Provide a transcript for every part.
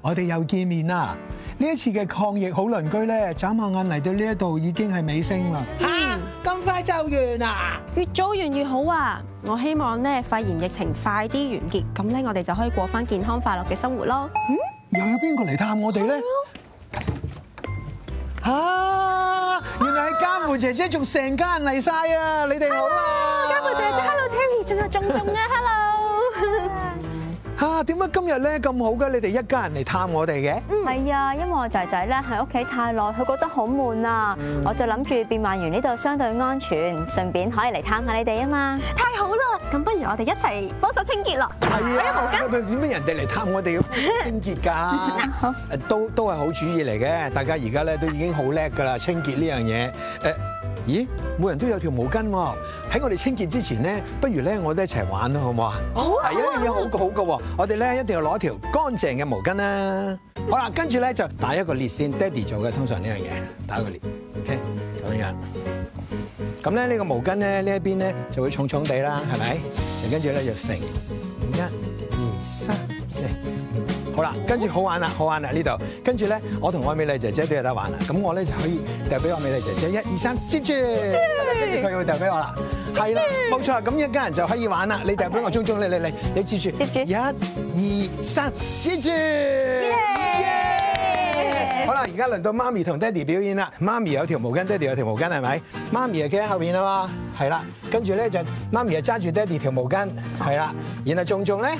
我哋又見面啦！呢一次嘅抗疫好鄰居咧，眨下眼嚟到呢一度已經係尾聲啦。嗯、啊，咁快就完啦？越早完越好啊！我希望咧肺炎疫情快啲完結，咁咧我哋就可以過翻健康快樂嘅生活咯。嗯，又有邊個嚟探我哋咧？吓、啊，原來係嘉芙姐姐，仲成家人嚟晒啊！你哋好啊！Hello, 嘉芙姐姐，Hello Terry，仲有仲仲啊 Hello 啊！點解今日咧咁好嘅？你哋一家人嚟探我哋嘅？唔係啊，因為我仔仔咧喺屋企太耐，佢覺得好悶啊，我就諗住變幻園呢度相對安全，順便可以嚟探下你哋啊嘛！太好啦！咁不如我哋一齊幫手清潔咯，攞啊，毛巾。點解人哋嚟探我哋要清潔㗎？ 好都，都都係好主意嚟嘅。大家而家咧都已經好叻㗎啦，清潔呢樣嘢誒。呃咦，每人都有條毛巾喎，喺我哋清潔之前咧，不如咧我哋一齊玩咯，好唔好啊？好啊！係啊，好嘅，好嘅，我哋咧一定要攞條乾淨嘅毛巾啦。好啦，跟住咧就打一個裂先，Daddy 做嘅通常呢樣嘢，打一個裂，OK，咁樣。咁咧呢個毛巾咧呢一邊咧就會重重地啦，係咪？跟住咧就揈，一。好啦，跟住好玩啦，好玩啦呢度。跟住咧，我同我美麗姐姐都有得玩啦。咁我咧就可以掉俾我美麗姐姐，一二三，接住。跟住佢會掉俾我啦。係啦，冇錯。咁一家人就可以玩啦。你掉俾我，中中，你你你，你接住。接住一二三，接住。Yeah. Yeah. 好啦，而家輪到媽咪同爹哋表演啦。媽咪有條毛巾，爹哋有條毛巾，係咪？媽咪啊企喺後邊啊嘛。係啦，跟住咧就媽咪就揸住爹哋條毛巾，係啦。然後仲中咧。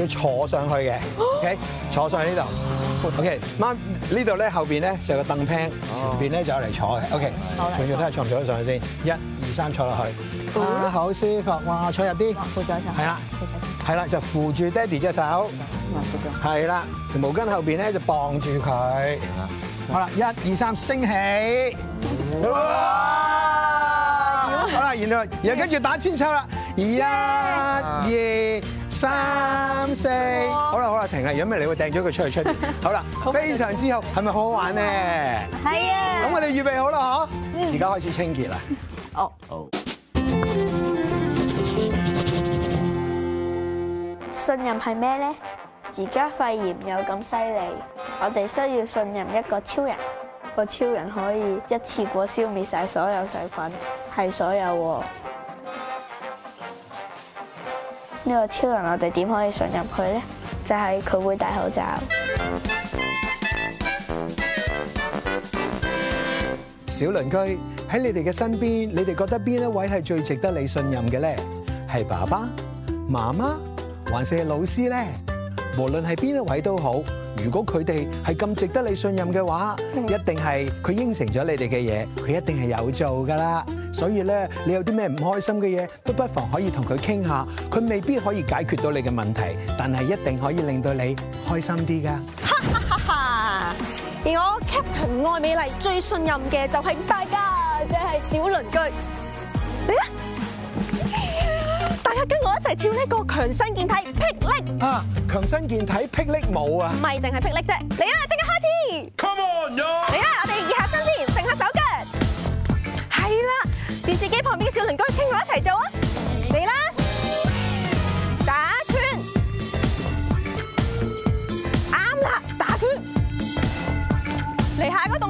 要坐上去嘅，OK，坐上去呢度，OK。媽呢度咧後面咧就有個凳廳前面咧就有嚟坐嘅，OK。坐坐睇下坐唔坐得上去先，一二三坐落去，啊好舒服哇，坐入啲，扶住一扶，係啦，係啦，就扶住爹哋隻手，係啦，毛巾後邊咧就綁住佢，好啦，一二三升起好，好啦，然後又跟住打千秋啦，一二。三四，好啦好啦，停啦！如果咩你會掟咗佢出去出。好啦，非常之好，係咪好好玩咧？係啊。咁我哋預備好啦，吓，而家開始清潔啦。哦。好。信任係咩咧？而家肺炎有咁犀利，我哋需要信任一個超人，個超人可以一次過消滅晒所有細菌，係所有喎。呢個超人我哋點可以信任佢咧？就係佢會戴口罩。小鄰居喺你哋嘅身邊，你哋覺得邊一位係最值得你信任嘅咧？係爸爸、媽媽，還是係老師咧？無論係邊一位都好，如果佢哋係咁值得你信任嘅話，一定係佢應承咗你哋嘅嘢，佢一定係有做噶啦。所以咧，你有啲咩唔開心嘅嘢，都不妨可以同佢傾下。佢未必可以解決到你嘅問題，但係一定可以令到你開心啲噶。哈哈哈哈！而我 Captain 愛美麗最信任嘅就係大家，即係小鄰居。你咧，大家跟我一齊跳呢個強身健體霹靂，啊！強身健體霹靂舞啊！唔係淨係霹靂啫。嚟啊，即刻！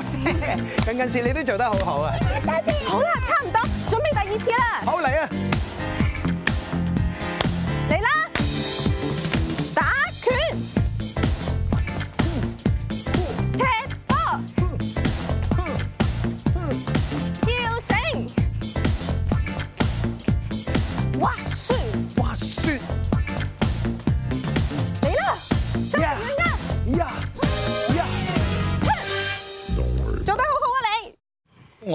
近近時你都做得好好啊，好難測。爸爸